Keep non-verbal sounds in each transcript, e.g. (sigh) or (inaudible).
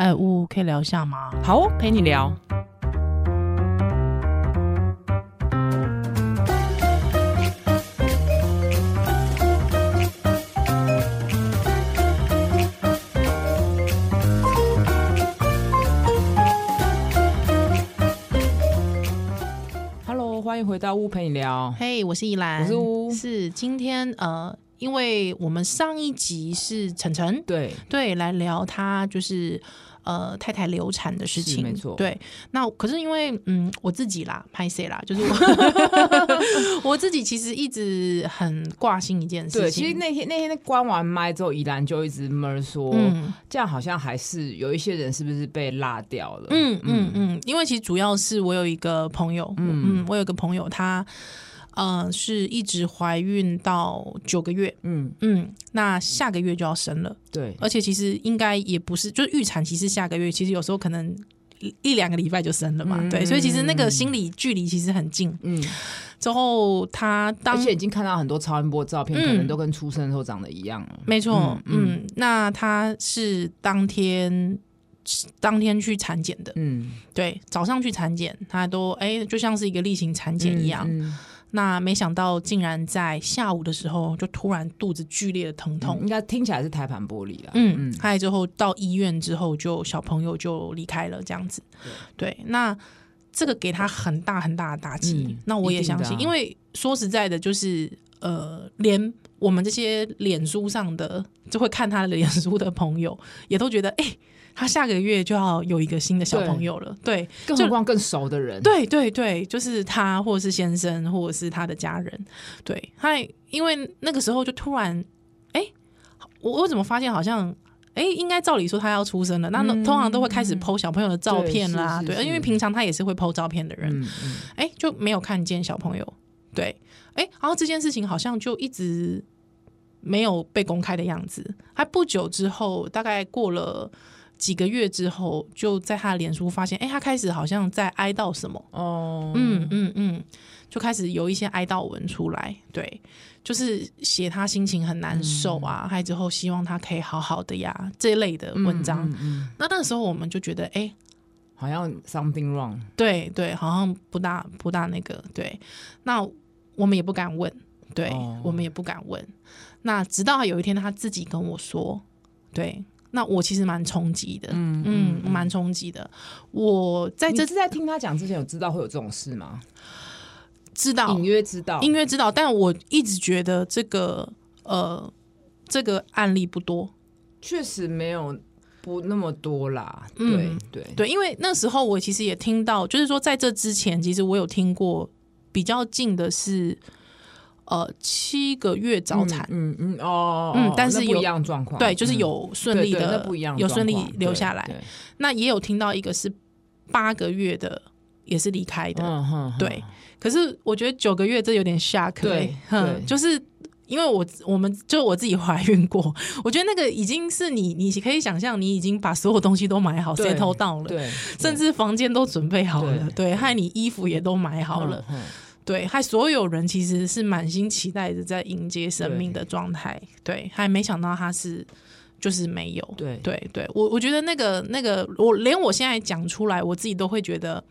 愛屋、呃、可以聊一下嗎？好，陪你聊。Hello，歡迎回到烏陪你聊。嘿，hey, 我是宜蘭，我是烏，是今天呃，因為我們上一集是晨晨，對對，來聊他就是。呃，太太流產的事情，沒錯，對。那可是因為，嗯，我自己啦拍攝啦，就是我， (laughs) (laughs) 我自己其實一直很掛心一件事情。對，其實那天那天關完麥之後，宜蘭就一直悶說，嗯、這樣好像還是有一些人是不是被落掉了？嗯嗯嗯，嗯，嗯，因為其實主要是我有一個朋友，嗯嗯，我有一個朋友他。嗯、呃，是一直懷孕到九個月，嗯嗯，那下個月就要生了，對，而且其實應該也不是，就是預產期是下個月，其實有時候可能一兩個禮拜就生了嘛，嗯、對，所以其實那個心理距離其實很近，嗯，之後他當時已經看到很多超音波照片，嗯、可能都跟出生的時候長得一樣沒錯，嗯，嗯，那他是當天當天去產檢的，嗯，對，早上去產檢，他都哎，就像是一個例行產檢一樣。嗯嗯那沒想到，竟然在下午的時候就突然肚子劇烈的疼痛，嗯、應該聽起來是胎盤剝離了。嗯嗯，後來之後到醫院之後就，就、嗯、小朋友就離開了，這樣子。對,對，那這個給他很大很大的打擊。嗯、那我也相信，啊、因為說實在的，就是呃，連我們這些臉書上的就會看他的臉書的朋友，也都覺得哎。欸他下個月就要有一個新的小朋友了，對，對更何況更熟的人，對對對，就是他或者是先生或者是他的家人，對他，因為那個時候就突然，哎、欸，我我怎麼發現好像，哎、欸，應該照理說他要出生了，嗯、那通常都會開始 po 小朋友的照片啦、啊，對，是是是對，因為平常他也是會 po 照片的人，哎、嗯嗯欸，就沒有看見小朋友，對，哎、欸，然後這件事情好像就一直沒有被公開的樣子，還不久之後，大概過了。幾個月之後，就在他的臉書發現，哎、欸，他開始好像在哀悼什麼哦、oh. 嗯，嗯嗯嗯，就開始有一些哀悼文出來，對，就是寫他心情很難受啊，嗯、還之後希望他可以好好的呀這一類的文章。嗯嗯嗯、那那時候我們就覺得，哎、欸，好像 something wrong，對對，好像不大不大那個，對，那我們也不敢問，對，oh. 我們也不敢問。那直到有一天他自己跟我說，對。那我其實蠻衝擊的，嗯嗯，蠻衝擊的。嗯、我在這次在聽他講之前，有知道會有這種事嗎？知道，隱約知道，隱約知道。但我一直覺得這個呃，這個案例不多，確實沒有不那麼多啦。對、嗯、對對，因為那時候我其實也聽到，就是說在這之前，其實我有聽過比較近的是。呃，七個月早產，嗯嗯哦，嗯，但是有一樣狀況，對，就是有順利的有順利留下來，那也有聽到一個是八個月的也是離開的，對，可是我覺得九個月這有點 shock，對，就是因為我我們就我自己懷孕過，我覺得那個已經是你你可以想象，你已經把所有東西都買好，settle down 了，對，甚至房間都準備好了，對，害你衣服也都買好了。對，害所有人其實是滿心期待着在迎接生命的狀態，對，對還沒想到他是就是沒有，對對對，我我覺得那個那個，我連我現在講出來，我自己都會覺得，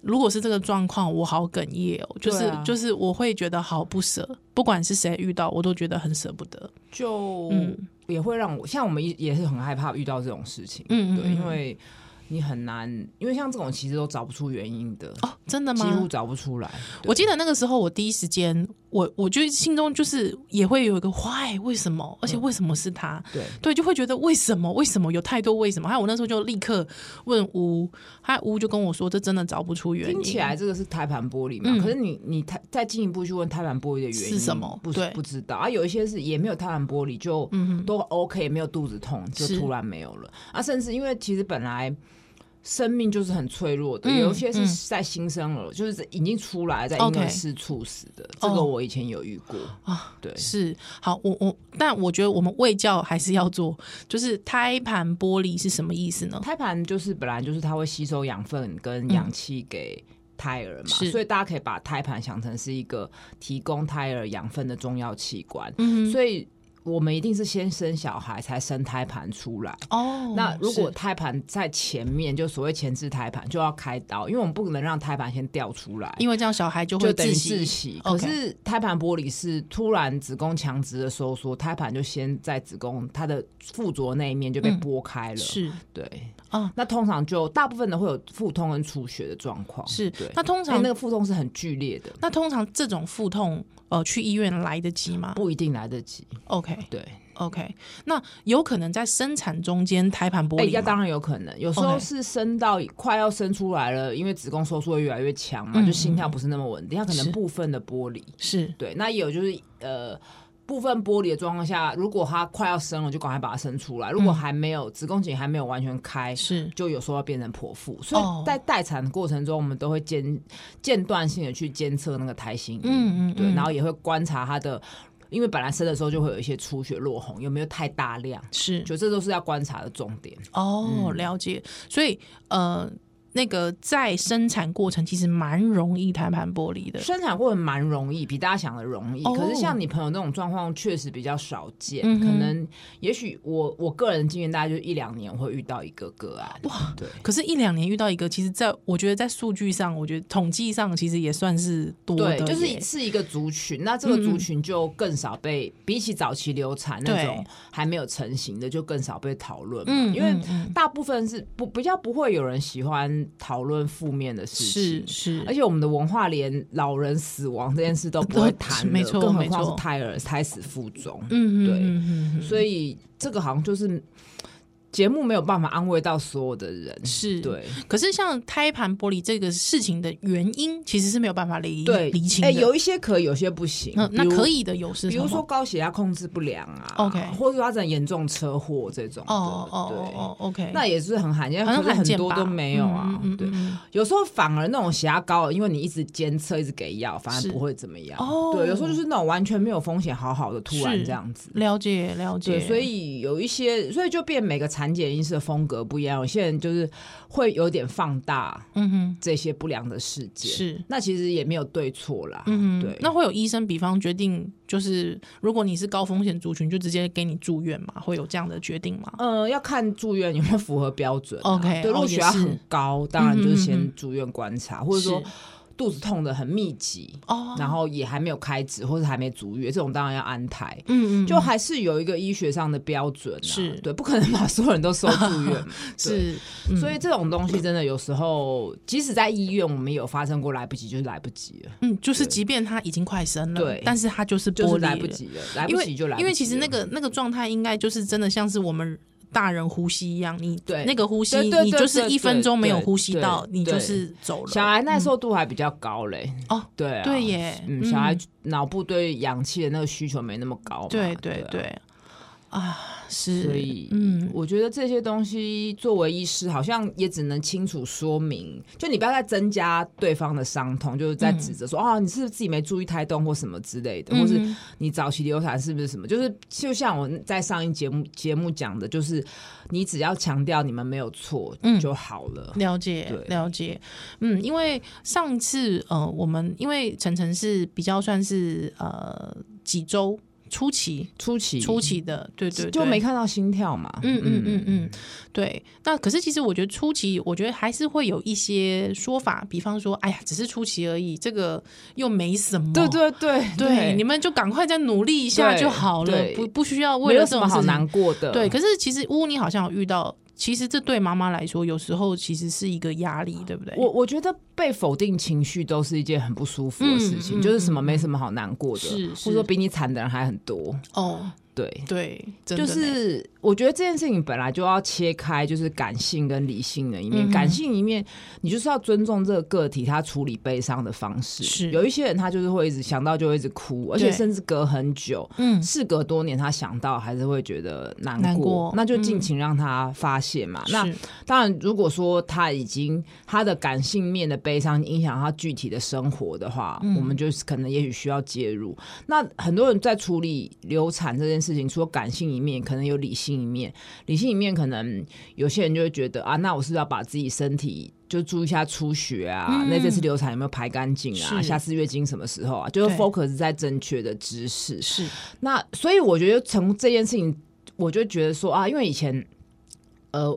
如果是這個狀況，我好哽咽哦，就是、啊、就是我會覺得好不捨，不管是誰遇到，我都覺得很舍不得，就也會讓我、嗯、像我們也是很害怕遇到這種事情，嗯哼哼，對，因為，你很難，因為像這種其實都找不出原因的哦，真的嗎？幾乎找不出來。我記得那個時候，我第一時間，我我就心中就是也會有一個 why，為什麼？而且為什麼是他？嗯、對對，就會覺得為什麼？為什麼有太多為什麼？還有我那時候就立刻問烏，他烏就跟我說，這真的找不出原因。聽起來這個是胎盤剝離嘛？嗯、可是你你再進一步去問胎盤剝離的原因是什麼？對，不是，不知道。啊，有一些是也沒有胎盤剝離，就都 OK，沒有肚子痛，就突然沒有了。是啊，甚至因為其實本來。生命就是很脆弱的，有一些、嗯、是在新生兒，嗯、就是已經出來，在應該是猝死的。Okay. 這個我以前有遇過，Oh. 對，是好，我我，但我覺得我們衛教還是要做，就是胎盤剝離是什麼意思呢？胎盤就是本來就是它會吸收養分跟氧氣給胎兒嘛，嗯、是所以大家可以把胎盤想成是一個提供胎兒養分的重要器官，嗯、哼所以。我們一定是先生小孩才生胎盤出來哦。Oh, 那如果胎盤在前面，是就所謂前置胎盤，就要開刀，因為我們不能讓胎盤先掉出來，因為這樣小孩就會自窒息。就自 Okay 可是胎盤剝離是突然子宮強直的收縮，胎盤就先在子宮它的附着那一面就被剝開了，嗯、是，對。啊，那通常就大部分的會有腹痛跟出血的狀況，是，對。那通常那個腹痛是很劇烈的，那通常這種腹痛，呃，去醫院來得及嗎？不一定來得及。OK，對，OK。那有可能在生產中間胎盤剝離，哎，當然有可能，有時候是生到快要生出來了，因為子宮收縮越來越強嘛，就心跳不是那麼穩定，它可能部分的剝離，是對。那也有就是呃。部分剝離的狀況下，如果它快要生了，就趕快把它生出來；如果還沒有、嗯、子宮頸還沒有完全開，是就有時候要變成剖腹。所以，在待產的過程中，我們都會間間斷性的去監測那個胎心，嗯，嗯嗯，對，然後也會觀察它的，因為本來生的時候就會有一些出血、落紅，有沒有太大量？是，就這都是要觀察的重點。哦，嗯、了解。所以，呃。那個在生產過程其實蠻容易胎盤剝離的，生產過程蠻容易，比大家想的容易。哦、可是像你朋友那種狀況，確實比較少見。嗯、哼可能也許我我個人的經驗，大概就一兩年會遇到一個個案。哇，對。可是，一兩年遇到一個，其實在我覺得在數據上，我覺得統計上其實也算是多的。對，就是一次一個族群，那這個族群就更少被、嗯、哼比起早期流產那種還沒有成型的，就更少被討論嘛。嗯、哼因為大部分是不比較不會有人喜歡。討論負面的事情是是，是，而且我們的文化連老人死亡這件事都不會談了，沒錯，更何況是胎兒胎死腹中，嗯嗯哼對，嗯哼所以這個好像就是。節目沒有辦法安慰到所有的人，是對。可是像胎盤剝離這個事情的原因，其實是沒有辦法理。對。理清的。有一些可以，有些不行。那可以的有時，比如說高血壓控制不良啊，OK，或者發生嚴重車禍這種。哦哦哦 OK，那也是很罕見，很多都沒有啊。對，有時候反而那種血壓高，因為你一直監測，一直給藥，反而不會怎麼樣。哦，對，有時候就是那種完全沒有風險，好好的，突然這樣子。了解，了解。對，所以有一些，所以就變每個產。產檢醫師的風格不一樣，有些人就是會有點放大，嗯哼，這些不良的事件是，嗯、哼那其實也沒有對錯啦，嗯哼，對。那會有醫生，比方決定就是，如果你是高風險族群，就直接給你住院嘛，會有這樣的決定嗎？呃，要看住院有沒有符合標準、啊。OK，對，如果血壓很高，哦、是當然就先住院觀察，嗯哼嗯哼或者說。肚子痛得很密集，哦，oh. 然後也還沒有開指或是還沒足月，這種當然要安胎。嗯嗯，就還是有一個醫學上的標準、啊，是，對，不可能把所有人都收住院。 (laughs) 是，對嗯、所以這種東西真的有時候，即使在醫院，我們有發生過來不及就來不及了。嗯，就是即便他已經快生了，對，但是他就是,就是來不及了，來不及就來不及因，因為其實那個那個狀態應該就是真的像是我們。大人呼吸一樣，你對那個呼吸，你就是一分鐘沒有呼吸到，你就是走了。小孩耐受度還比較高嘞，哦，對對耶。嗯，小孩腦部對氧氣的那個需求沒那麼高嘛，對對對。對啊。啊，是，所以，嗯，我覺得這些東西作為醫師，好像也只能清楚說明，就你不要再增加對方的傷痛，就是在指責說、嗯、啊，你是不是自己沒注意胎動或什麼之類的，嗯、或是你早期流產是不是什麼？就是就像我在上一節目節目講的，就是你只要強調你們沒有錯就好了。嗯、了解，對了解，嗯，因為上次呃，我們因為逞誠是比較算是呃幾周。初期，初期，初期的，對對,對，就沒看到心跳嘛，嗯嗯嗯嗯，對。那可是其實我覺得初期，我覺得還是會有一些說法，比方說，哎呀，只是初期而已，這個又沒什麼，對對對對，對對你們就趕快再努力一下就好了，對不不需要為了這種什麼好難過的，對。可是其實烏烏好像有遇到。其實這對媽媽來說，有時候其實是一個壓力，對不對？我我覺得被否定情緒都是一件很不舒服的事情，嗯嗯嗯，就是什麼沒什麼好難過的，是是，或者說比你慘的人還很多哦。Oh. 對對，對就是我覺得這件事情本來就要切開，就是感性跟理性的一面。嗯嗯，感性一面，你就是要尊重這個個體他處理悲傷的方式。是有一些人他就是會一直想到就會一直哭，對而且甚至隔很久，嗯，事隔多年他想到還是會覺得難過，難過那就盡情讓他發洩嘛。嗯、那當然，如果說他已經他的感性面的悲傷影響他具體的生活的話，嗯、我們就可能也許需要介入。嗯、那很多人在處理流產這件。事情除了感性一面，可能有理性一面。理性一面，可能有些人就會覺得啊，那我是不是要把自己身體就注意一下出血啊，嗯、那這次流產有沒有排乾淨啊？是下次月經什麼時候啊？就是 focus 在正確的知識。是對。那所以我覺得從這件事情，我就覺得說啊，因為以前呃，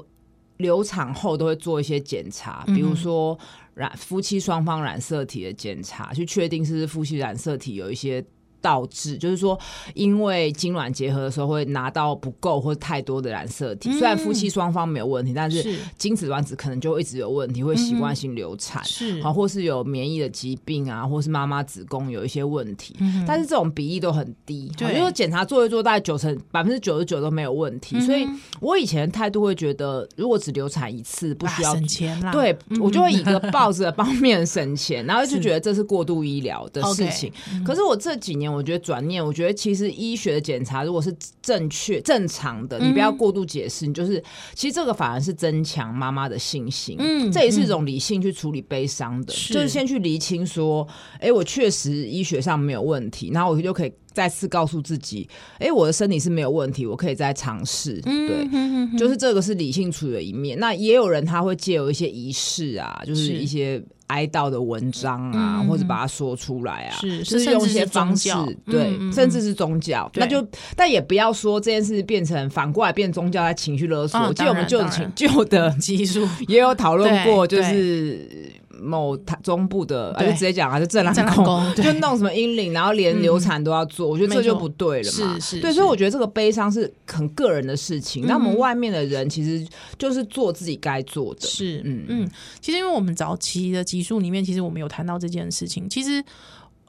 流產後都會做一些檢查，嗯、哼比如說染夫妻雙方染色體的檢查，去確定是不是夫妻染色體有一些。導致，就是說，因為精卵結合的時候會拿到不夠或者太多的染色體，雖然夫妻雙方沒有問題，但是精子卵子可能就一直有問題，會習慣性流產，是或是有免疫的疾病啊，或是媽媽子宮有一些問題，但是這種比例都很低，對，因為檢查做一做，大概九成百分之九十九都沒有問題，所以我以前態度會覺得，如果只流產一次不需要省錢啦，對，我就會以一個抱着方面省錢，然後就覺得這是過度醫療的事情。可是我這幾年我。我覺得轉念，我覺得其實醫學的檢查如果是正確正常的，你不要過度解釋，嗯、你就是其實這個反而是增強媽媽的信心。嗯，嗯這也是一種理性去處理悲傷的，是就是先去釐清說，哎、欸，我確實醫學上沒有問題，然後我就可以再次告訴自己，哎、欸，我的身體是沒有問題，我可以再嘗試。對，嗯、就是這個是理性處理的一面。那也有人他會借由一些儀式啊，就是一些。哀悼的文章啊，嗯、或者把它說出來啊，是就是用一些方式，對，甚至是宗教，那就但也不要說這件事變成反過來變宗教他情緒勒索。其實、哦、我們就舊的集數，也有討論過，就是。某台中部的，就直接講還是正男控，就弄什麼嬰靈，然後連流產都要做，我覺得這就不對了嘛，是是，對，所以我覺得這個悲傷是很個人的事情。那我們外面的人其實就是做自己該做的，是嗯嗯。其實因為我們早期的集數裡面，其實我們有談到這件事情。其實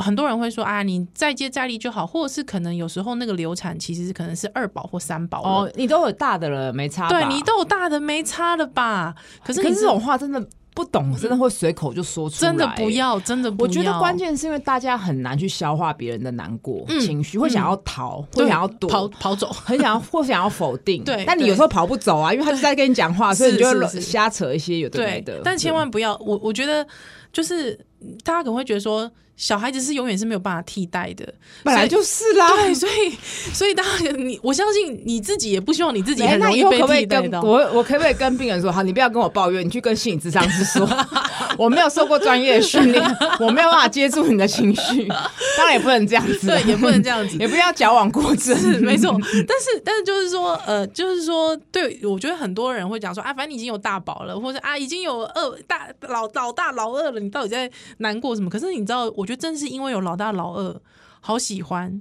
很多人會說啊，你再接再厲就好，或者是可能有時候那個流產其實可能是二寶或三寶哦，你都有大的了，沒差，對，你都有大的沒差的吧？可是可是這種話真的。不懂真的會隨口就說出來，真的不要，真的不要。我覺得關鍵是因為大家很難去消化別人的難過情緒，會想要逃，會想要躲，跑跑走，很想要或想要否定。對，但你有時候跑不走啊，因為他是在跟你講話，所以你就瞎扯一些有的沒的。但千萬不要，我我覺得就是大家可能會覺得說。小孩子是永遠是沒有辦法替代的，本來就是啦。以對，所以所以當然你，我相信你自己也不希望你自己很容易被替代，欸、以可不可以跟我我可不可以跟病人說： (laughs) 好，你不要跟我抱怨，你去跟心理諮商師說， (laughs) 我沒有受過專業的訓練， (laughs) 我沒有辦法接住你的情緒。 (laughs) 當然也不能這樣子，對，也不能這樣子， (laughs) 也不要矯枉過正。沒錯，但是但是就是說，呃，就是說，對我覺得很多人會講說：啊，反正你已經有大寶了，或者啊已經有二大老老大老二了，你到底在難過什麼？可是你知道我。我覺得正是因為有老大老二，好喜歡，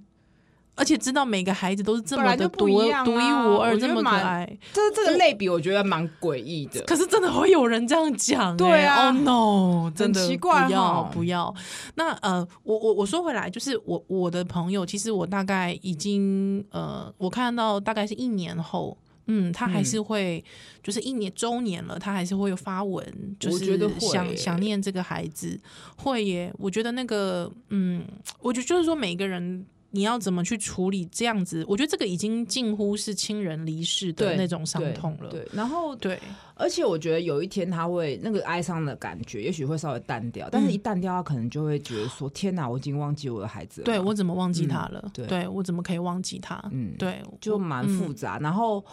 而且知道每個孩子都是這麼的獨一、啊、獨一無二，這麼可愛，這這個類比我覺得蠻詭異的。可是真的會有人這樣講欸？對啊，Oh no！真的，真的奇怪啊。不要，不要。那呃，我我我說回來，就是我我的朋友，其實我大概已經呃，我看到大概是一年後。嗯，他還是會，就是一年周年了，他還是會有發文，就是想想念這個孩子，會耶，我覺得那個，嗯，我覺得就是說，每個人，你要怎麼去處理這樣子？我覺得這個已經近乎是親人離世的那種傷痛了。對，然後對，而且我覺得有一天他會那個哀傷的感覺，也許會稍微淡掉，但是一淡掉，他可能就會覺得說：天哪，我已經忘記我的孩子了。對，我怎麼忘記他了？對，我怎麼可以忘記他？嗯，對，就蠻複雜。然後。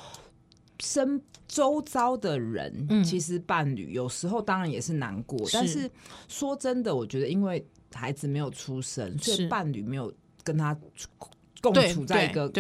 身周遭的人，嗯、其實伴侶有時候當然也是難過，是但是說真的，我覺得因為孩子沒有出生，是所以伴侶沒有跟他。共處在一個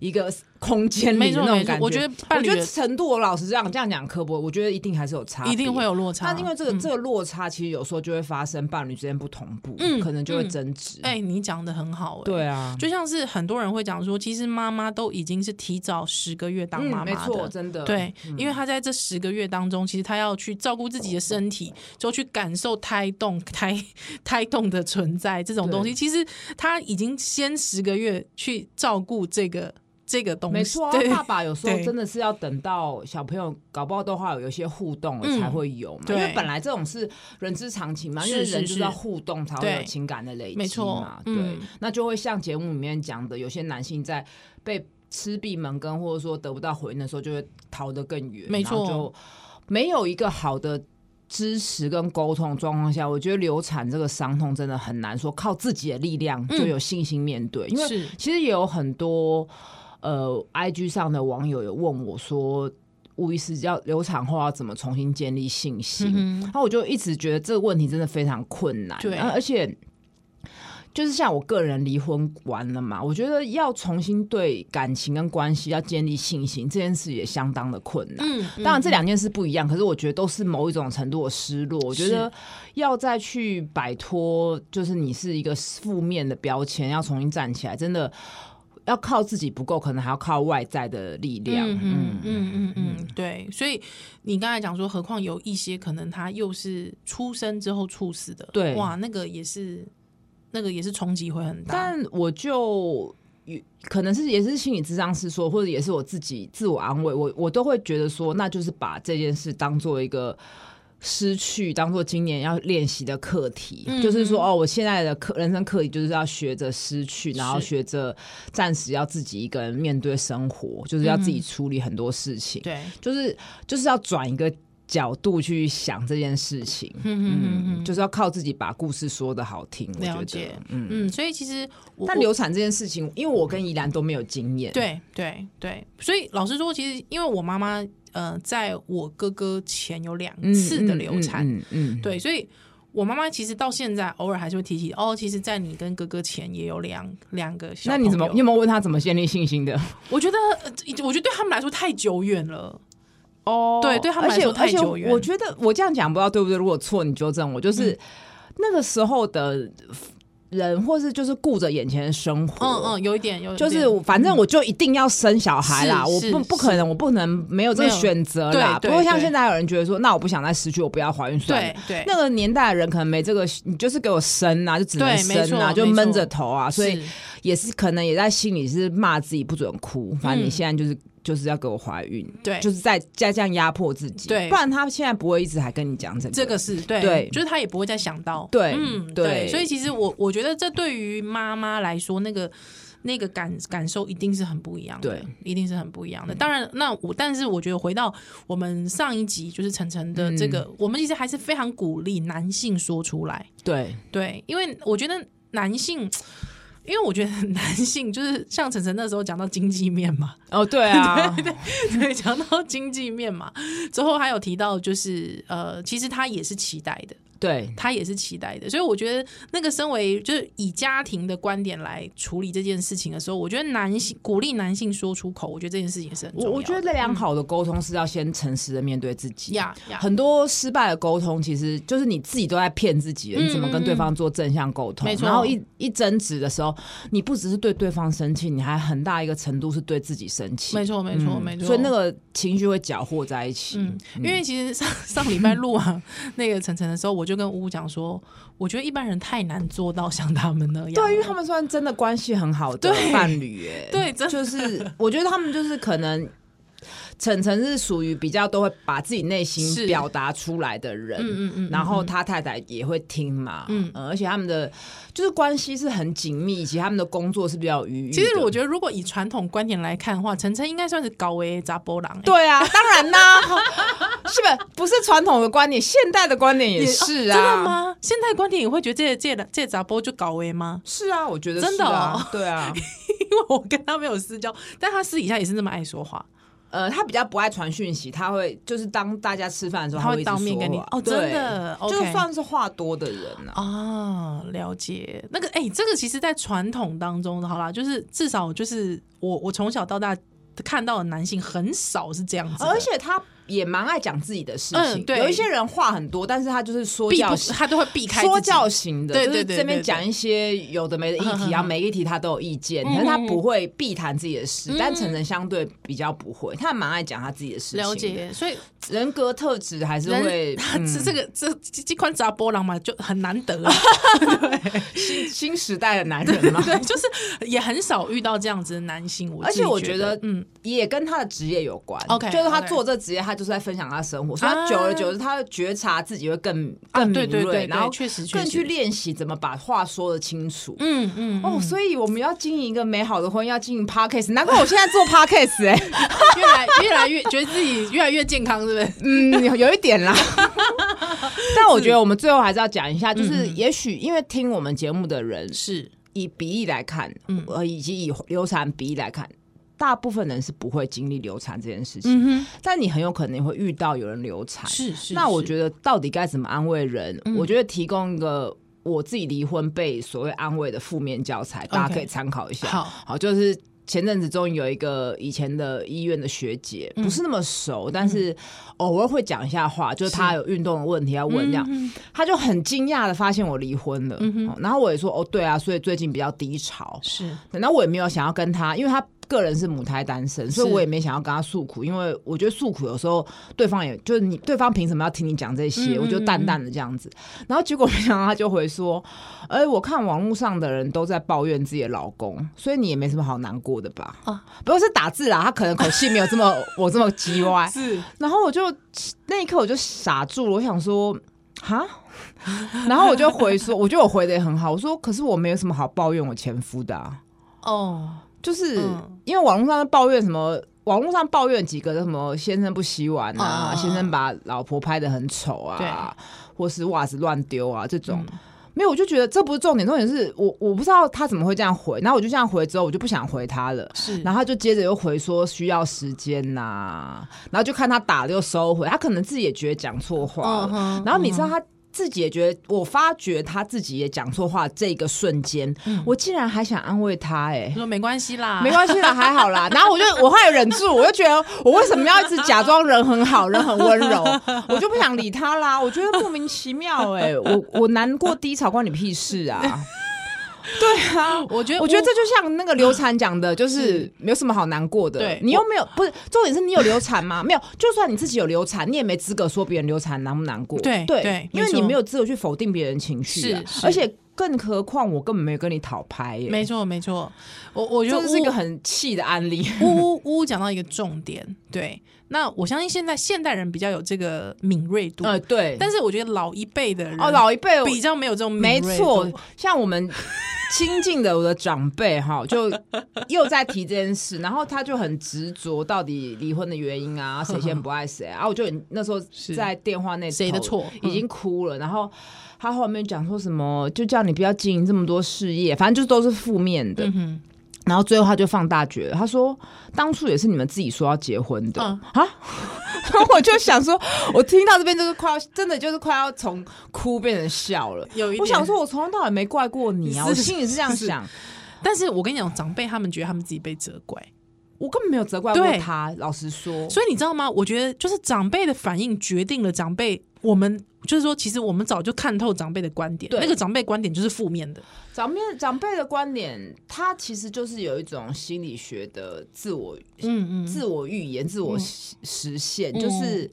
一個空間裡那種感覺，我覺得，我覺得程度，我老實這樣這樣講刻薄，我覺得一定還是有差，一定會有落差。那因為這個這個落差，其實有時候就會發生伴侶之間不同步，嗯，可能就會爭執。哎，你講的很好，對啊，就像是很多人會講說，其實媽媽都已經是提早十個月當媽媽的，沒錯，真的對，因為她在這十個月當中，其實她要去照顧自己的身體，就去感受胎動、胎胎動的存在這種東西，其實她已經先十個月去。去照顧這個這個東西，沒錯、啊。對爸爸有時候真的是要等到小朋友搞不好的話，有些互動了才會有嘛。嗯、因為本來這種是人之常情嘛，是是是因為人就是要互動，才會有情感的累積嘛。對，沒錯，嗯、對，那就會像節目裡面講的，有些男性在被吃閉門羹或者說得不到回應的時候，就會逃得更遠。沒錯錯，就沒有一個好的。支持跟溝通狀況下，我覺得流產這個傷痛真的很難說靠自己的力量就有信心面對，嗯、因為其實也有很多呃，IG 上的網友有問我說，烏醫師要流產後要怎麼重新建立信心？嗯、那我就一直覺得這個問題真的非常困難，對、啊，而且。就是像我個人離婚完了嘛，我覺得要重新對感情跟關係要建立信心，這件事也相當的困難。嗯，嗯，當然這兩件事不一樣，可是我覺得都是某一種程度的失落。我覺得要再去擺脫，就是你是一個負面的標籤，要重新站起來，真的要靠自己不夠，可能還要靠外在的力量。嗯嗯嗯嗯，對。所以你剛才講說，何況有一些可能他又是出生之後猝死的，對，哇，那個也是。那個也是衝擊會很大，但我就可能是也是心理諮商是說，或者也是我自己自我安慰，我我都會覺得說，那就是把這件事當做一個失去，當做今年要練習的課題，就是說哦，我現在的課人生課題就是要學着失去，然後學着暫時要自己一個人面對生活，就是要自己處理很多事情，對，就是就是要轉一個。角度去想這件事情，嗯嗯嗯，就是要靠自己把故事說得好聽。了解，嗯嗯，所以其實，但流產這件事情，我因為我跟宜蘭都沒有經驗，對對對，所以老實說，其實因為我媽媽，呃，在我哥哥前有兩次的流產，嗯，嗯嗯嗯對，所以我媽媽其實到現在偶爾還是會提起，哦，其實，在你跟哥哥前也有兩兩個小朋友。那你怎麼，你有沒有問他怎麼建立信心的？ (laughs) 我覺得，我覺得對他們來說太久遠了。哦，對，對他們來說太久遠。而且我覺得我這樣講不知道對不對，如果錯你糾正我。就是那個時候的人，或是就是顧着眼前的生活。嗯嗯，有一點有。就是反正我就一定要生小孩啦，我不不可能，我不能沒有這個選擇啦。不過像現在有人覺得說，那我不想再失去，我不要懷孕算了。對對。那個年代的人可能沒這個，你就是給我生啊，就只能生啊，就悶着頭啊。所以也是可能也在心裡是罵自己不准哭。反正你現在就是。就是要給我懷孕，對，就是在在這樣壓迫自己，對，不然他現在不會一直還跟你講這個，這個是對，就是他也不會再想到，對，嗯，對，所以其實我我覺得這對於媽媽來說，那個那個感感受一定是很不一樣的，對，一定是很不一樣的。當然，那我但是我覺得回到我們上一集，就是逞誠的這個，我們其實還是非常鼓勵男性說出來，對對，因為我覺得男性。因為我覺得男性就是像逞誠那時候講到經濟面、哦啊、 (laughs) 面嘛，哦對啊，對，對講到經濟面嘛，之後還有提到就是呃，其實他也是期待的。對他也是期待的，所以我覺得那個身為就是以家庭的觀點來處理這件事情的時候，我覺得男性鼓勵男性說出口，我覺得這件事情是很重要的我。我覺得良好的溝通是要先誠實的面對自己、嗯、很多失敗的溝通其實就是你自己都在騙自己，嗯、你怎麼跟對方做正向溝通？嗯嗯、沒錯。然後一一爭執的時候，你不只是對對方生氣，你還很大一個程度是對自己生氣。沒錯，沒錯，嗯、沒錯。所以那個情緒會攪和在一起。嗯嗯、因為其實上上禮拜錄 (laughs) 那個逞誠的時候，我。就跟烏烏講說，我覺得一般人太難做到像他們那樣，對，因為他們雖然真的關係很好，對伴侶、欸對，對，就是我覺得他們就是可能。逞誠是屬於比較都會把自己內心表達出來的人，嗯嗯嗯嗯嗯，然後他太太也會聽嘛，嗯嗯、而且他們的就是關係是很緊密，以及他們的工作是比較愉悅。其實我覺得，如果以傳統觀點來看的話，逞誠應該算是高危查埔郎。對啊，當然啦， (laughs) 是不是？不是傳統的觀點，現代的觀點也是啊？啊真的嗎？現代觀點也會覺得這個、這這查埔就高危嗎？是啊，我覺得是、啊、真的、哦，對啊， (laughs) 因為我跟他沒有私交，但他私底下也是那麼愛說話。呃，他比較不愛傳訊息，他會就是當大家吃飯的時候，他會，他會當面跟你對哦，真的，okay、就算是話多的人啊，啊了解那個哎、欸，這個其實在傳統當中，的，好啦，就是至少就是我我從小到大看到的男性很少是這樣子，而且他。也蠻愛講自己的事情，有一些人話很多，但是他就是說教，他都會避開說教型的，對對。就是這邊講一些有的沒的議題，啊，每一題他都有意見，可是他不會避談自己的事。但晨晨相對比較不會，他蠻愛講他自己的事情。了解，所以人格特質還是會，這這個這這款男人嘛，就很難得。新新時代的男人嘛，就是也很少遇到這樣子的男性。而且我覺得，嗯，也跟他的職業有關。OK，就是他做這職業，他。就是在分享他的生活，所以他久而久之，啊、他覺察自己會更更敏銳，然後更去練習怎麼把話說得清楚。嗯嗯，嗯哦，所以我們要經營一個美好的婚姻，要經營 podcast。難怪我現在做 podcast，哎、欸，越來越來越 (laughs) 覺得自己越來越健康，是不是？嗯，有一點啦。 (laughs) 但我覺得我們最後還是要講一下，就是也許因為聽我們節目的人是以比例來看，呃，以及以流產比例來看。大部分人是不會經歷流產這件事情，嗯、哼但你很有可能會遇到有人流產。是，是是，那我覺得到底該怎麼安慰人？嗯、我覺得提供一個我自己離婚被所謂安慰的負面教材，大家可以參考一下。Okay. 好，好，就是前陣子終於有一個以前的醫院的學姐，不是那麼熟，嗯、但是偶爾會講一下話，就是她有運動的問題要問這樣，嗯、她就很驚訝的發現我離婚了。嗯、哼然後我也說哦，對啊，所以最近比較低潮。是，然後我也沒有想要跟她，因為她……個人是母胎單身，所以我也沒想要跟他訴苦，是因為我覺得訴苦有時候對方也就是你，對方憑什麼要聽你講這些？嗯嗯嗯，我就淡淡的這樣子，然後結果沒想到他就回說：“哎、欸，我看網絡上的人都在抱怨自己的老公，所以你也沒什麼好難過的吧？”不過、哦，是打字啦，他可能口氣沒有這麼 (laughs) 我這麼嘰歪。是，然後我就那一刻我就傻住了，我想說哈？ (laughs) 然後我就回說，我覺得我回得也很好，我說：“可是我沒有什麼好抱怨我前夫的、啊、哦。”就是因為網絡上抱怨什麼，嗯、網絡上抱怨幾個什麼先生不洗碗啊，嗯、先生把老婆拍得很醜啊，對或是襪子亂丟啊這種，嗯、沒有我就覺得這不是重點，重點是我我不知道他怎麼會這樣回，然後我就這樣回之後我就不想回他了，是然後他就接着又回說需要時間吶、啊，然後就看他打了又收回，他可能自己也覺得講錯話了，嗯、然後你知道他。嗯嗯自己也覺得，我發覺他自己也講錯話，這個瞬間，嗯、我竟然還想安慰他，哎，說沒關係啦，沒關係啦，還好啦。然後我就，我還忍住，我就覺得，我為什麼要一直假裝人很好，人很溫柔，我就不想理他啦。我覺得莫名其妙，哎，我我難過低潮，關你屁事啊！ (laughs) 對啊，我覺得我，我覺得這就像那個流產講的，就是沒有什麼好難過的。對你又沒有，我不是重點是，你有流產嗎？ (laughs) 沒有，就算你自己有流產，你也沒資格說別人流產難不難過。對對，對因為你沒有資格去否定別人情緒，啊，是是而且。更何況我根本沒有跟你討拍、欸沒錯，沒錯沒錯，我我覺得這是一個很氣的案例。烏烏、呃，講、呃呃呃、到一個重點，對，那我相信現在現代人比較有這個敏銳度，呃對。但是我覺得老一輩的人，哦老一輩比較沒有這種敏，哦、沒錯。像我們親近的我的長輩哈， (laughs) 就又在提這件事，然後他就很執着到底離婚的原因啊，誰先不愛誰呵啊，我就那時候在電話那頭、誰的錯已經哭了，嗯、然後。他後面講說什麼，就叫你不要經營這麼多事業，反正就是都是負面的。嗯、哼然後最後他就放大絕了，他說當初也是你們自己說要結婚的啊！我就想說，我聽到這邊就是快要真的就是快要從哭變成笑了。有一點我想說我從頭到尾沒怪過你啊，是我心裡是這樣想。是但是我跟你講，長輩他們覺得他們自己被責怪，我根本沒有責怪過他。對老實說，所以你知道嗎？我覺得就是長輩的反應決定了長輩我們。就是說，其實我們早就看透長輩的觀點，對那個長輩觀點就是負面的。長輩長輩的觀點，他其實就是有一種心理學的自我，嗯嗯，自我預言、自我實現，嗯、就是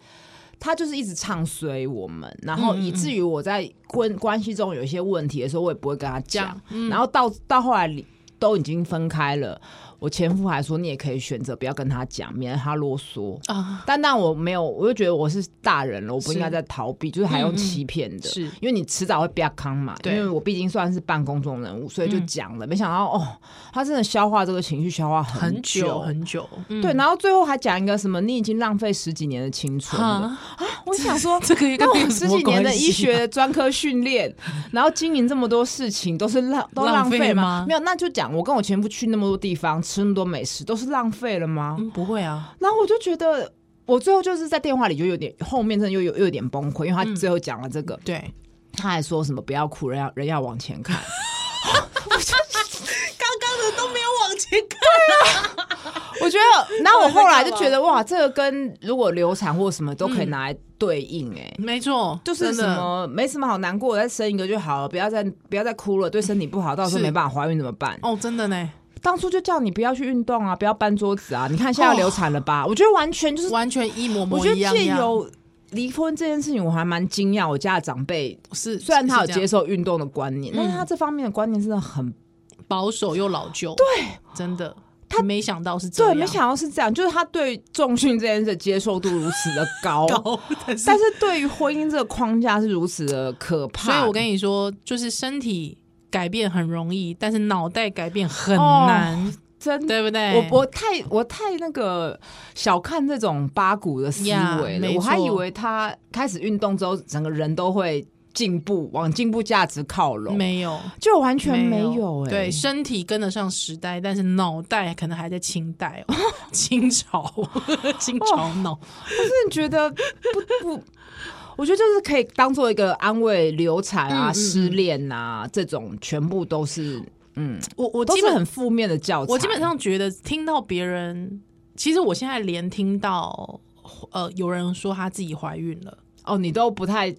他就是一直唱衰我們，然後以至於我在關關係中有一些問題的時候，我也不會跟他講。嗯嗯然後到到後來都已經分開了。我前夫還說，你也可以選擇不要跟他講，免得他囉嗦啊。但但我沒有，我就覺得我是大人了，我不應該再逃避，就是還用欺騙的，是因為你遲早會比較康嘛。對，因為我畢竟算是半公眾人物，所以就講了。沒想到哦，他真的消化這個情緒，消化很久很久。對，然後最後還講一個什麼，你已經浪費十幾年的青春了啊！我想說，這個跟我十幾年的醫學專科訓練，然後經營這麼多事情，都是浪都浪費嗎？沒有，那就講我跟我前夫去那麼多地方。吃那麼多美食都是浪費了嗎？不會啊。然後我就覺得，我最後就是在電話裡就有點後面真的又有又有點崩潰，因為他最後講了這個，嗯、對他還說什麼不要哭，人要人要往前看。剛剛的都沒有往前看啊！我覺得，那我後來就覺得哇，這個跟如果流產或什麼都可以拿來對應哎、欸嗯，沒錯，就是什麼沒什麼好難過，再生一個就好了，不要再不要再哭了，對身體不好，到時候沒辦法懷孕怎麼辦？哦，真的呢。當初就叫你不要去運動啊，不要搬桌子啊！你看現在流產了吧？哦，我覺得完全就是完全一模，模一樣，樣。我覺得借由離婚這件事情，我還蠻驚訝。我家的長輩是雖然他有接受運動的觀念，是是但是他這方面的觀念真的很保守又老舊。對，真的，他沒想到是這樣對。沒想到是這樣，就是他對重訓這件事的接受度如此的高，高但，是但是對於婚姻這個框架是如此的可怕的。所以我跟你說，就是身體。改變很容易，但是腦袋改變很難，哦、真的對不對？我我太我太那個小看這種八股的思維了。Yeah, 我還以為他開始運動之後，整個人都會進步，往進步價值靠攏。沒有，就完全沒有,、欸、沒有。對，身體跟得上時代，但是腦袋可能還在清代、哦， (laughs) 清朝，清朝腦。我真的、哦、是覺得不不。我覺得就是可以當做一個安慰流產啊、嗯嗯，失戀啊這種，全部都是嗯，我我基本都是很負面的教材。我基本上覺得聽到別人，其實我現在連聽到呃有人說她自己懷孕了哦，你都不太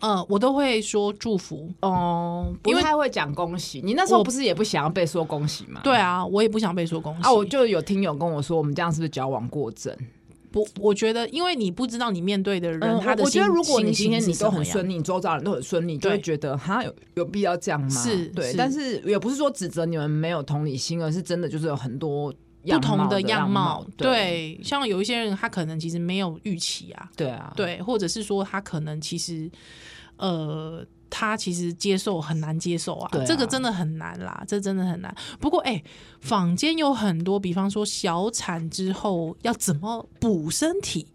嗯，我都會說祝福哦，不太、嗯、為會講恭喜。你那時候不是也不想要被說恭喜嗎？對啊，我也不想被說恭喜。啊，我就有聽友跟我說，我們這樣是不是矯枉過正？我我覺得，因為你不知道你面對的人，嗯、他的心我覺得，如果你今天你都很順利，順利對周遭人都很順利，就會覺得哈有有必要這樣嗎？是，對。是，但是也不是說指責你們沒有同理心，而是真的就是有很多不同的樣貌。對，對像有一些人，他可能其實沒有預期啊，對啊，對，或者是說他可能其實呃。他其實接受很難接受啊，對啊這個真的很難啦，這真的很難。不過哎，坊間有很多，比方說小產之後要怎麼補身體。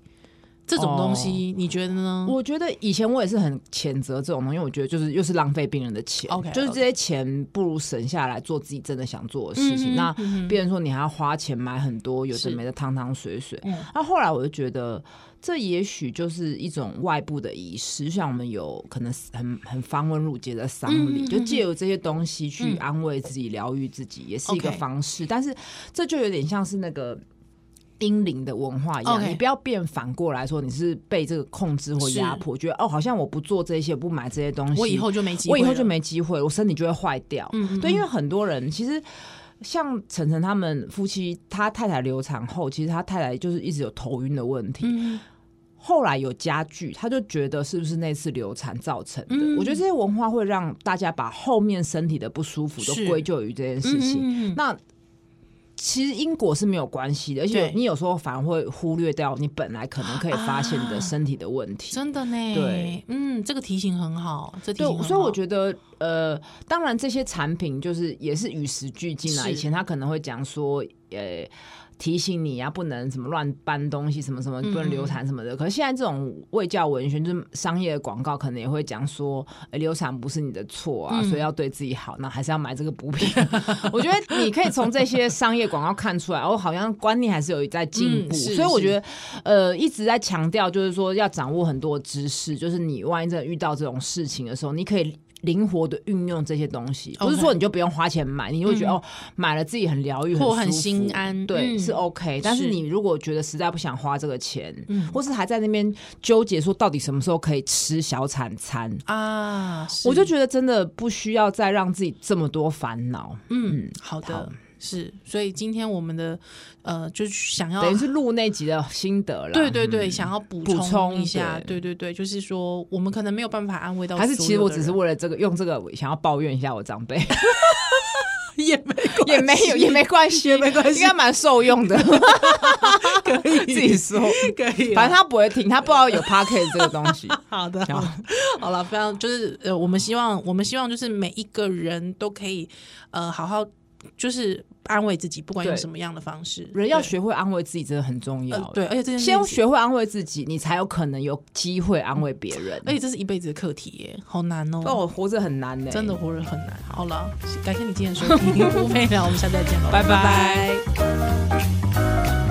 這種東西你覺得呢？Oh, 我覺得以前我也是很譴責這種東西，因為我覺得就是又是浪費病人的錢，okay, okay. 就是這些錢不如省下來做自己真的想做的事情。嗯、哼那別人說你還要花錢買很多是有的沒的湯湯水水，嗯、那後來我就覺得這也許就是一種外部的儀式，像我們有可能很很繁文縟節的喪禮，嗯、哼就借由這些東西去安慰自己、療癒、嗯、自己，也是一個方式。Okay. 但是這就有點像是那個。叮嚀的文化一樣，Okay. 你不要變反過來說，你是被這個控制或壓迫，是覺得哦，好像我不做這些，不買這些東西，我以後就沒機會，我以後就沒機會，我身體就會壞掉。嗯嗯嗯對，因為很多人其實像晨晨他們夫妻，他太太流產後，其實他太太就是一直有頭暈的問題，嗯嗯後來有加劇，他就覺得是不是那次流產造成的？嗯嗯我覺得這些文化會讓大家把後面身體的不舒服都歸咎於這件事情。嗯嗯嗯嗯那其實因果是沒有關係的，對而且你有,你有時候反而會忽略掉你本來可能可以發現的身體的問題。啊、真的呢？對，嗯，這個提醒很好。這個、提醒對，所以我覺得，呃，當然這些產品就是也是與時俱進啊。是以前他可能會講說，呃。提醒你啊，不能什麼亂搬東西，什麼什麼不能流產什麼的。嗯、可是現在這種衛教文宣就是商業廣告，可能也會講說、欸、流產不是你的錯啊，嗯、所以要對自己好，那還是要買這個補品。嗯、我覺得你可以從這些商業廣告看出來， (laughs) 哦，好像觀念還是有在進步。嗯、是是，所以我覺得，呃，一直在強調就是說要掌握很多知識，就是你萬一真的遇到這種事情的時候，你可以。靈活的運用這些東西，不是說你就不用花錢買，okay, 你就會覺得、嗯、哦，買了自己很療癒或很心安，對，是 OK、嗯。但是你如果覺得實在不想花這個錢，嗯是，或是還在那邊糾結說到底什麼時候可以吃小產餐啊，是我就覺得真的不需要再讓自己這麼多煩惱。嗯，好的。好是，所以今天我們的呃，就是想要等於是錄那集的心得了。對對對，想要補充一下，對對對，就是說我們可能沒有辦法安慰到，還是其實我只是為了這個用這個想要抱怨一下我長輩，也沒關也沒有也沒關係，沒關係，應該蠻受用的。 (laughs) 可以自己說，可以、啊，反正他不會聽，他不知道有 podcast 這個東西。 (laughs) 好的，想要 好的，好了，非常就是呃，我們希望我們希望就是每一個人都可以呃，好好。就是安慰自己，不管用什麼樣的方式對，人要學會安慰自己，真的很重要對、呃。對，而且這件事先要學會安慰自己，嗯、你才有可能有機會安慰別人。而且這是一輩子的課題耶，好難、喔、哦。那我活着很難呢，真的活着很難。好了，感謝你今天收聽《不美了。 (laughs) 我們下次再見， (laughs) bye bye 拜拜。